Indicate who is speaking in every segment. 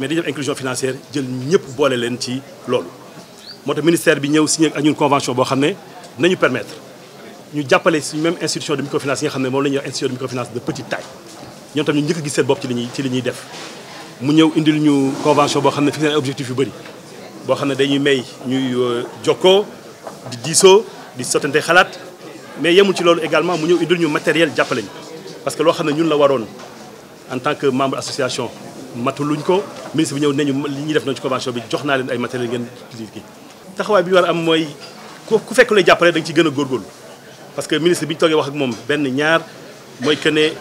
Speaker 1: mais l'inclusion def inclusion financière jël boole ci ministère bi signé ak convention boo nous ne permettre ñu même institution de microfinance yi nga xam ne de microfinance de petite taille Nous tam ñu njëkk gis seen ci ci convention boo ne fixé objectif yu dañuy may euh, di di mais yemul ci également mu ñëw indil matériel parce que nous, xam la en tant que membre association matuluñ ko ministre bi ñew nañu li ñi def nañ ci convention bi jox naa leen ay matériel ngeen lii kii taxaway bi ñu war am moy ku fekk lay jappalé da nga ci gëna gorgol parce que ministre bi ñu wax ak mom ben ñaar moy que ne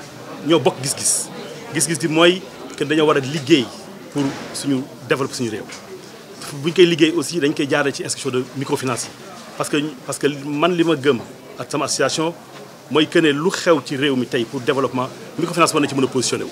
Speaker 1: ñoo bok gis-gis gis-gis di moy que dañu wara a liggéey pour suñu développer suñu réew buñ koy liggéey aussi dañ koy jaaree ci institution de microfinance parce que parce que man lima gëm ak sama association moy que ne lu xew ci réew mi tay pour développement microfinance war na ci mën positionner wu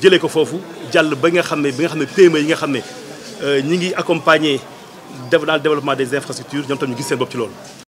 Speaker 1: jëlee ko foofu jàll ba nga xam ne bi nga xam ne PME yi nga xam euh, ñi ngi accompagner dans le développement des infrastructures ñoom tam ñu gis seen bopp ci loolu.